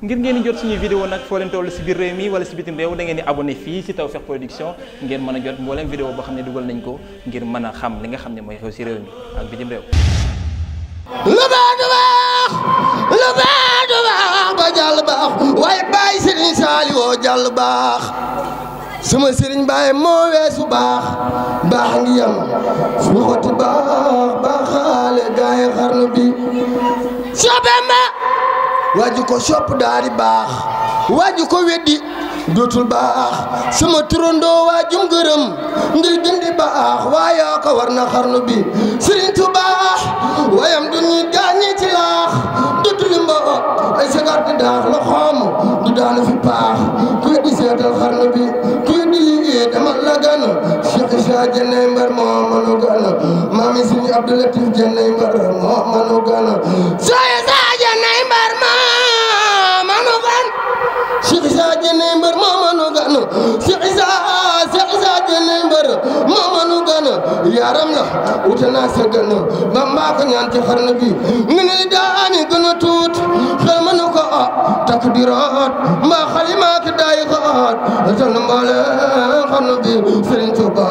ngir ngeen jot suñuy vidéo nag foo leen toll si biir réew mi wala si bitim réew da ngeen di abonné fii si Tawfekh Production ngeen mën a jot mbooleem vidéo boo xam ne dugal nañ ko ngir mën a xam li nga xam ne mooy xew si réew mi ak bitim réew lu baax du baax ba jàll baax waaye bàyyi sëriñ bàyyi moo weesu baax baax ngi yam su waxati baax baaxaale gaay xarnu bi waaju ko sopp daari baax waaju ko weddi dootul baax sama turandoo waajum gërëm ngir dindi baax waayaa war na xarnu bi sëriñ baax wayam du ñuy gaañi ci laax du tulimba ay sagar di daax la du daanu fi paax kuy di seetal xarnu bi kuy di liggéey dama la gan Cheikh Isa jennay mbar moo manu gan maami sëriñ Abdou Latif jennay mbar moo man Cheikh Issa Cheikh Issa jënd mbër moo mënu gën yaram la wute naa sa gën ba mbaa ko ñaan ci xarnu bi nga ne daani gën a tuut xel mënu ko ah takk di root mbaa xalima ki daay ko ah te nu mboole xarnu bi Serigne Touba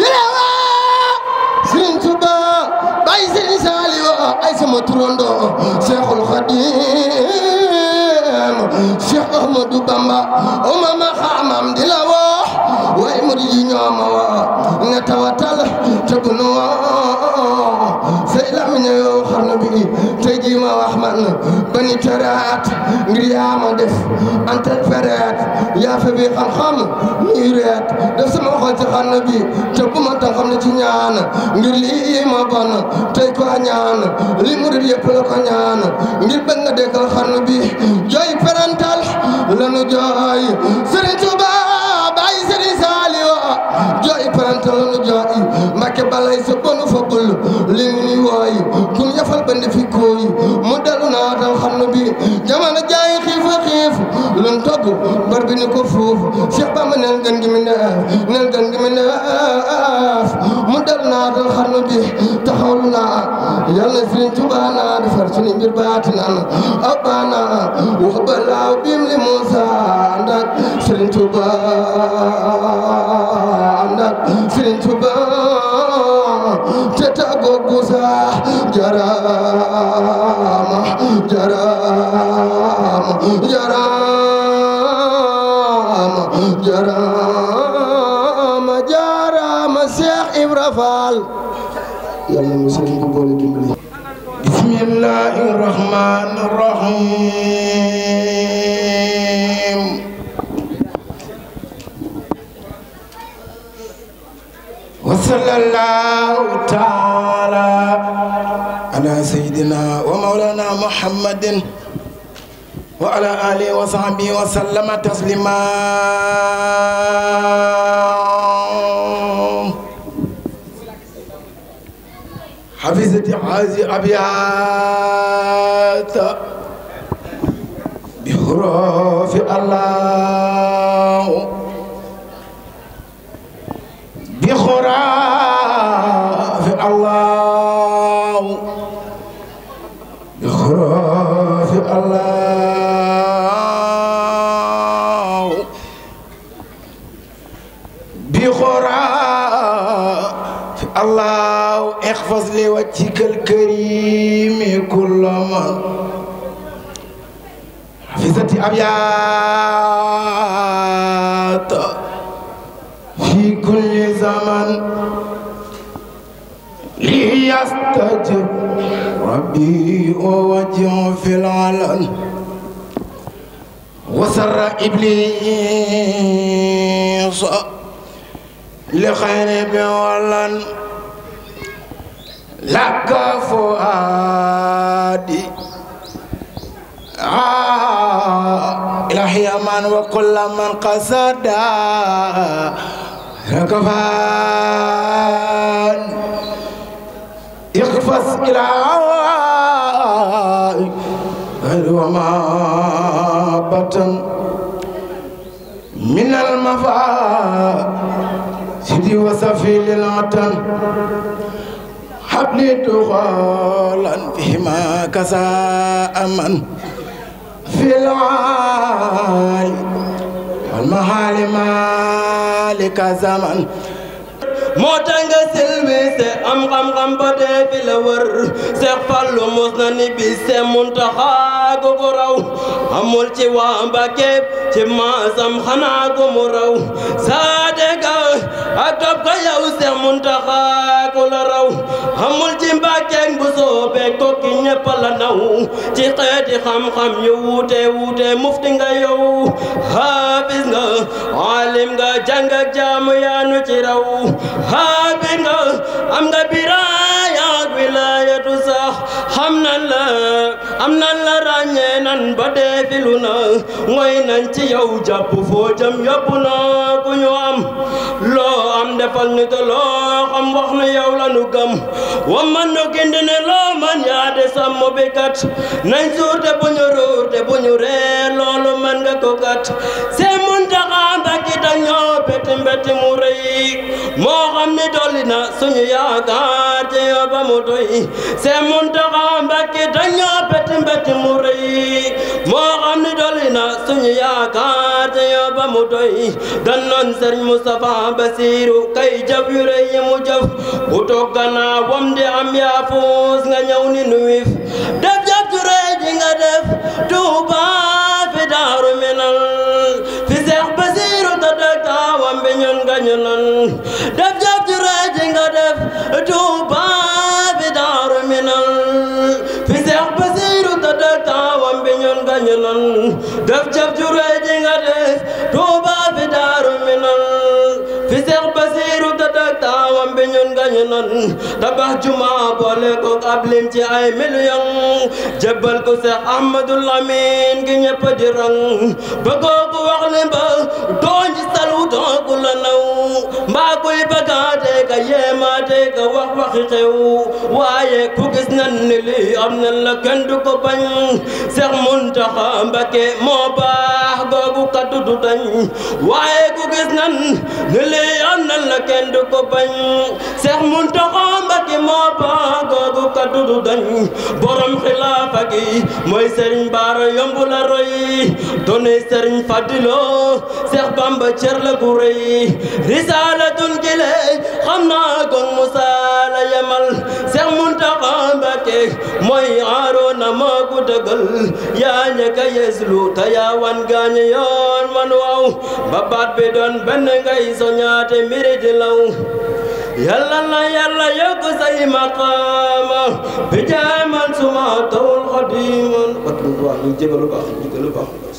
birawa sëriñ Tuba bay sëriñ Saaliw ay sama turando Seexul Xadiim Cheikh Ahmadou Bamba o mama xaamam di la wax way murid yi ñooma wa nga tawatal te bu nu say làmmiñ yow xam na bi tey jii ma wax man ba ni tëraat ngir yaa ma def interprète yaa fa bi xam-xam ñuy def sama xol ci xam na bi te bu ma na ci ñaan ngir lii ma bon tey ko ngir bëgg nga dekkal xam na bi jooy parental lanu jooy Sëriñ Tuuba baay Sëriñ Saaliw jooy parental lanu jooy Mbàkke balay sa bonu fa bul jafal ba ndefi kooy mu dalu naatal xannu bi jamono jaayi xiifa xiif lun togg bar bi ni ko foofu Cheikh Bamba nel gan gi mi neef nel gan gi mi neef mu dalu naatal xannu bi taxawlu naa yàlla Sëriñ Tuubaa naa defar suñu mbir baati nan abbaana wax balaaw biim li Muusa ndak Sëriñ Tuubaa ndak Sëriñ Tuubaa busa jarama jarama jarama jarama jarama Cheikh Ibra Fall yàlla mu sëriñ bu boole dimbali bismillahi rahmani rahim wa sallallahu ta'ala على سيدنا ومولانا محمد وعلى آله وصحبه وسلم تسليما حفظة عازي أبيات بحروف الله بخرا واحفظ لوجهك الكريم كل من حفظت أبيات في كل زمن ليستجب ربي ووجه في العلن وسر إبليس لخير بولن لك فؤادي إلهي من وكل من قصد لك فان اقفز إلى غير وما بطن من المفاسد وسفيل العتن حبنيت خالا فيما كساء من في العالي والمحال مالك زمن moo tax nga silwiise am xam-xam ba tey fi la wër Seex na ni bi Seex Muntaxa gu ko raw ci waa Mbàkke ci maasam xanaa gu mu raw saa dégg ak topp ko yow Seex Muntaxa amul ci mbàcceeg bu soobee kokki ñëpp naw ci xeeti xam-xam yu wuute mufti nga yow xaabis nga alim nga jàng ak jaamu yaanu ci raw xaabis nga am nga biraaya ak wilaayatu sax nan ba dee filu na mooy nañ ci yow jàpp foo jëm na ku ñu am loo am defal ni te loo na yow man nu gindi ne loo man de sàmm bi kat nañ suur te bu ñu ruur te bu ñu ree loolu man nga ko kat see mun taxaa mbàkki ta ñoo beti mu rëy moo xam ni dolli na suñu yaakaar ci ba mu doy see mun taxaa mbàkki ta ñoo beti mu doy dannoon sëriñ Moustapha Basiru kay jëf yu rëy yi mu jëf bu toog am yaa fuus nga ñëw ni nuwif def jëf ju ji nga def Tuuba bañu non def jëf ju Tuuba fi daaru mi non fi Seex Basiiru tëddëk taawam bi ñun nga ñu non tabax jumaa boole ko ab ci ay million jébbal ko Seex Ahmadu Lamin gi ñëpp di rang ba kooku wax lim ba dooñ ci salu doogu la naw mbaa kuy bëgg maatee nga wax waxi xew waaye ku gis nan ni lii am nan la kenn du ko bañ Seex Muntaxa Mbàkke moo baax googu kaddu du dañ waaye ku gis nan ni lii nan la kenn bañ Seex Muntaxa Mbàkke moo baax googu kaddu du dañ borom xilaafa mooy Sëriñ Baara yomb la roy doonay Sëriñ Fadilo Seex Bamba cër la gu rëy risaalatun gi xam naa ko Moussa la yemal Seex Muntaxa Mbàkke mooy Aaroona moo ko dëggal yaa njëkk a yeeslu yaa wan gaañu yoon man waaw ba baat bi doon benn ngay soñaate mbiri di law yàlla na yàlla yokk say maqaama bi jaaman suma tawul xadiman wax